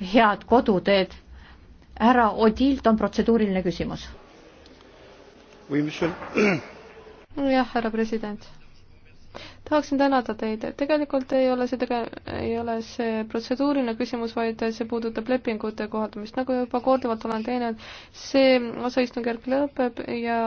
head koduteed. härra Odilt on protseduuriline küsimus. jah, härra president tahaksin tänada teid, et tegelikult ei ole see tege-, ei ole see protseduuriline küsimus, vaid see puudutab lepingute kohaldamist, nagu juba korduvalt olen teinud, see osaistungjärk lõpeb ja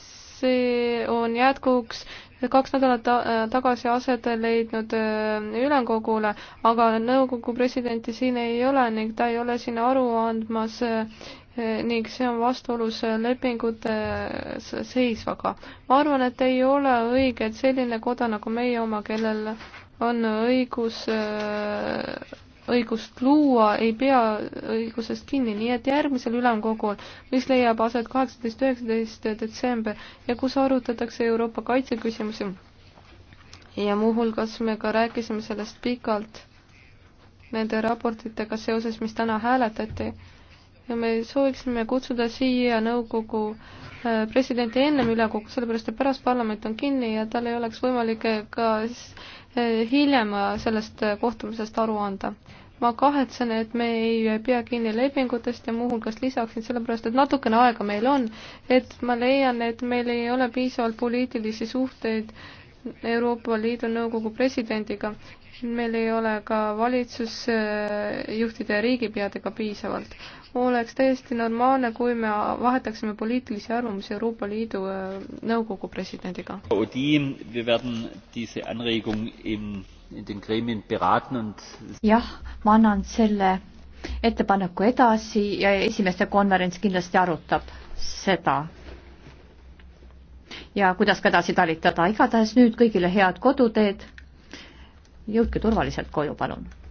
see on jätkuks kaks nädalat äh, tagasi aset leidnud äh, ülemkogule, aga nõukogu presidenti siin ei ole ning ta ei ole siin aru andmas äh, ning see on vastuolus lepingute seisvaga. ma arvan, et ei ole õige, et selline koda nagu meie oma, kellel on õigus õigust luua, ei pea õigusest kinni, nii et järgmisel ülemkogul, mis leiab aset kaheksateist, üheksateist detsember ja kus arutatakse Euroopa kaitseküsimusi ja muuhulgas me ka rääkisime sellest pikalt nende raportitega seoses, mis täna hääletati ja me sooviksime kutsuda siia nõukogu äh, presidenti ennem ülekogu, sellepärast et pärast parlament on kinni ja tal ei oleks võimalik äh, ka äh, hiljem sellest kohtumisest aru anda ma kahetsen, et me ei pea kinni lepingutest ja muuhulgas lisaksin sellepärast, et natukene aega meil on, et ma leian, et meil ei ole piisavalt poliitilisi suhteid Euroopa Liidu Nõukogu presidendiga. meil ei ole ka valitsusjuhtide ja riigipeadega piisavalt. oleks täiesti normaalne, kui me vahetaksime poliitilisi arvamusi Euroopa Liidu äh, Nõukogu presidendiga. Odin, me werden diese anregung im jah, ma annan selle ettepaneku edasi ja esimeste konverents kindlasti arutab seda. ja kuidas ka edasi talitada, igatahes nüüd kõigile head koduteed. jõudke turvaliselt koju, palun